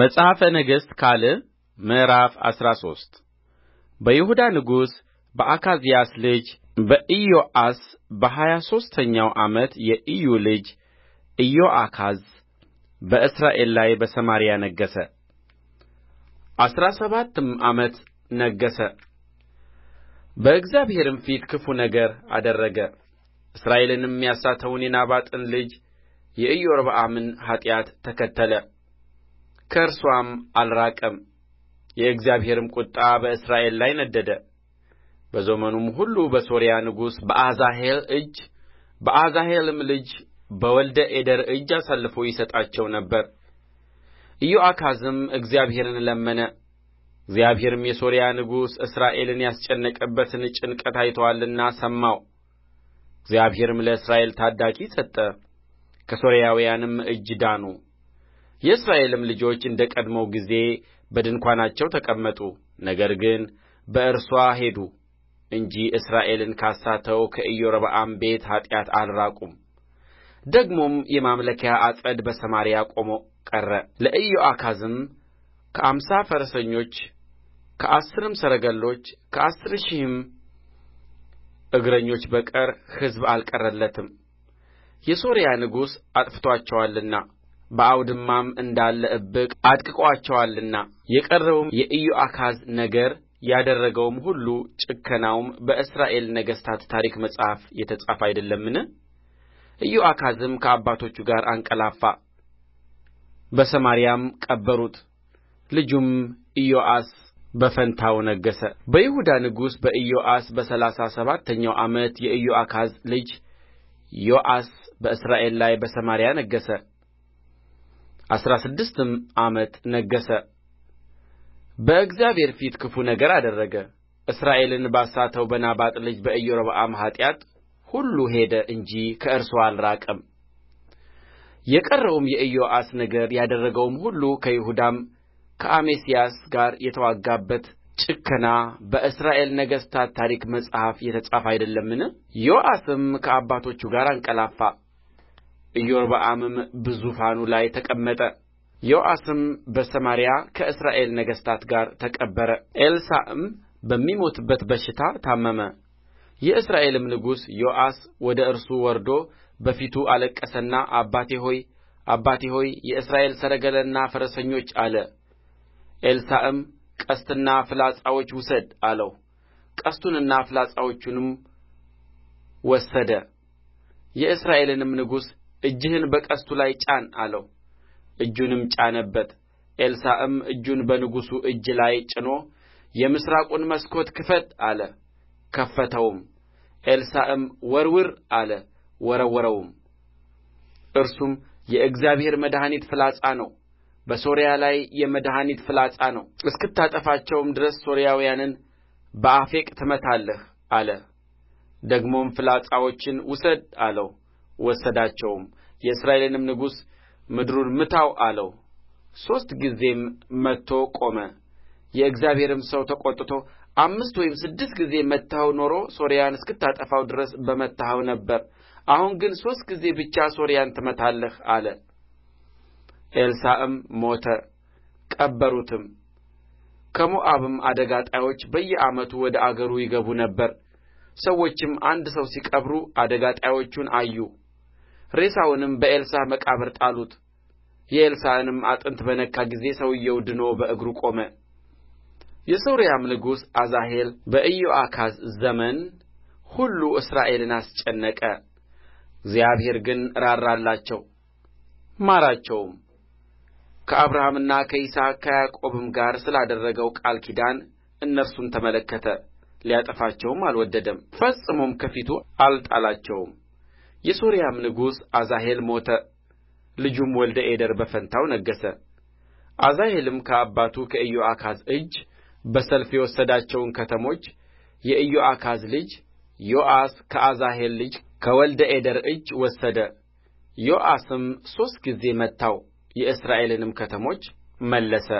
መጽሐፈ ነገሥት ካልዕ ምዕራፍ አስራ ሶስት በይሁዳ ንጉሥ በአካዝያስ ልጅ በኢዮአስ በሀያ ሦስተኛው ዓመት የኢዩ ልጅ ኢዮአካዝ በእስራኤል ላይ በሰማርያ ነገሠ። አሥራ ሰባትም ዓመት ነገሠ። በእግዚአብሔርም ፊት ክፉ ነገር አደረገ። እስራኤልንም ያሳተውን የናባጥን ልጅ የኢዮርብዓምን ኃጢአት ተከተለ። ከእርስዋም አልራቀም የእግዚአብሔርም ቍጣ በእስራኤል ላይ ነደደ በዘመኑም ሁሉ በሶርያ ንጉሥ በአዛሄል እጅ በአዛሄልም ልጅ በወልደ አዴር እጅ አሳልፎ ይሰጣቸው ነበር ኢዮአካዝም እግዚአብሔርን ለመነ እግዚአብሔርም የሶርያ ንጉሥ እስራኤልን ያስጨነቀበትን ጭንቀት አይቶአልና ሰማው እግዚአብሔርም ለእስራኤል ታዳጊ ሰጠ ከሶርያውያንም እጅ ዳኑ የእስራኤልም ልጆች እንደ ቀድሞው ጊዜ በድንኳናቸው ተቀመጡ ነገር ግን በእርስዋ ሄዱ እንጂ እስራኤልን ካሳተው ከኢዮርብዓም ቤት ኃጢአት አልራቁም ደግሞም የማምለኪያ ዐፀድ በሰማርያ ቆሞ ቀረ ለኢዮአካዝም ከአምሳ ፈረሰኞች ከአሥርም ሰረገሎች ከአሥር ሺህም እግረኞች በቀር ሕዝብ አልቀረለትም የሶርያ ንጉሥ አጥፍቶአቸዋልና በአውድማም እንዳለ እብቅ አድቅቆአቸዋልና የቀረውም የኢዮአካዝ ነገር ያደረገውም ሁሉ ጭከናውም በእስራኤል ነገሥታት ታሪክ መጽሐፍ የተጻፈ አይደለምን ኢዮአካዝም ከአባቶቹ ጋር አንቀላፋ በሰማርያም ቀበሩት ልጁም ኢዮአስ በፋንታው ነገሠ በይሁዳ ንጉሥ በኢዮአስ በሠላሳ ሰባተኛው ዓመት የኢዮአካዝ ልጅ ዮአስ በእስራኤል ላይ በሰማርያ ነገሠ አሥራ ስድስትም ዓመት ነገሠ በእግዚአብሔር ፊት ክፉ ነገር አደረገ እስራኤልን ባሳተው በናባጥ ልጅ በኢዮርብዓም ኃጢአት ሁሉ ሄደ እንጂ ከእርስዋ አልራቀም የቀረውም የኢዮአስ ነገር ያደረገውም ሁሉ ከይሁዳም ከአሜስያስ ጋር የተዋጋበት ጭከና በእስራኤል ነገሥታት ታሪክ መጽሐፍ የተጻፈ አይደለምን ዮአስም ከአባቶቹ ጋር አንቀላፋ ኢዮርብዓምም በዙፋኑ ላይ ተቀመጠ። ዮአስም በሰማርያ ከእስራኤል ነገሥታት ጋር ተቀበረ። ኤልሳዕም በሚሞትበት በሽታ ታመመ። የእስራኤልም ንጉሥ ዮአስ ወደ እርሱ ወርዶ በፊቱ አለቀሰና አባቴ ሆይ አባቴ ሆይ የእስራኤል ሰረገላና ፈረሰኞች አለ። ኤልሳዕም ቀስትና ፍላጻዎች ውሰድ አለው። ቀስቱንና ፍላጻዎቹንም ወሰደ። የእስራኤልንም ንጉሥ እጅህን በቀስቱ ላይ ጫን አለው እጁንም ጫነበት ኤልሳዕም እጁን በንጉሡ እጅ ላይ ጭኖ የምሥራቁን መስኮት ክፈት አለ ከፈተውም ኤልሳዕም ወርውር አለ ወረወረውም እርሱም የእግዚአብሔር መድኃኒት ፍላጻ ነው በሶርያ ላይ የመድኃኒት ፍላጻ ነው እስክታጠፋቸውም ድረስ ሶርያውያንን በአፌቅ ትመታለህ አለ ደግሞም ፍላጻዎችን ውሰድ አለው ወሰዳቸውም የእስራኤልንም ንጉሥ ምድሩን ምታው አለው ሦስት ጊዜም መትቶ ቆመ የእግዚአብሔርም ሰው ተቈጥቶ አምስት ወይም ስድስት ጊዜ መትተኸው ኖሮ ሶርያን እስክታጠፋው ድረስ በመታኸው ነበር አሁን ግን ሦስት ጊዜ ብቻ ሶርያን ትመታለህ አለ ኤልሳዕም ሞተ ቀበሩትም ከሞዓብም አደጋ ጣዮች በየዓመቱ ወደ አገሩ ይገቡ ነበር ሰዎችም አንድ ሰው ሲቀብሩ አደጋ ጣዮቹን አዩ ሬሳውንም በኤልሳዕ መቃብር ጣሉት የኤልሳዕንም አጥንት በነካ ጊዜ ሰውዮው ድኖ በእግሩ ቆመ የሶርያም ንጉሥ አዛሄል በኢዮአካዝ ዘመን ሁሉ እስራኤልን አስጨነቀ እግዚአብሔር ግን ራራላቸው ማራቸውም ከአብርሃምና ከይስሐቅ ከያዕቆብም ጋር ስላደረገው ቃል ኪዳን እነርሱን ተመለከተ ሊያጠፋቸውም አልወደደም ፈጽሞም ከፊቱ አልጣላቸውም የሶርያም ንጉሥ አዛሄል ሞተ ልጁም ወልደ አዴር በፋንታው ነገሠ አዛሄልም ከአባቱ ከኢዮአካዝ እጅ በሰልፍ የወሰዳቸውን ከተሞች የኢዮአካዝ ልጅ ዮአስ ከአዛሄል ልጅ ከወልደ አዴር እጅ ወሰደ ዮአስም ሦስት ጊዜ መታው የእስራኤልንም ከተሞች መለሰ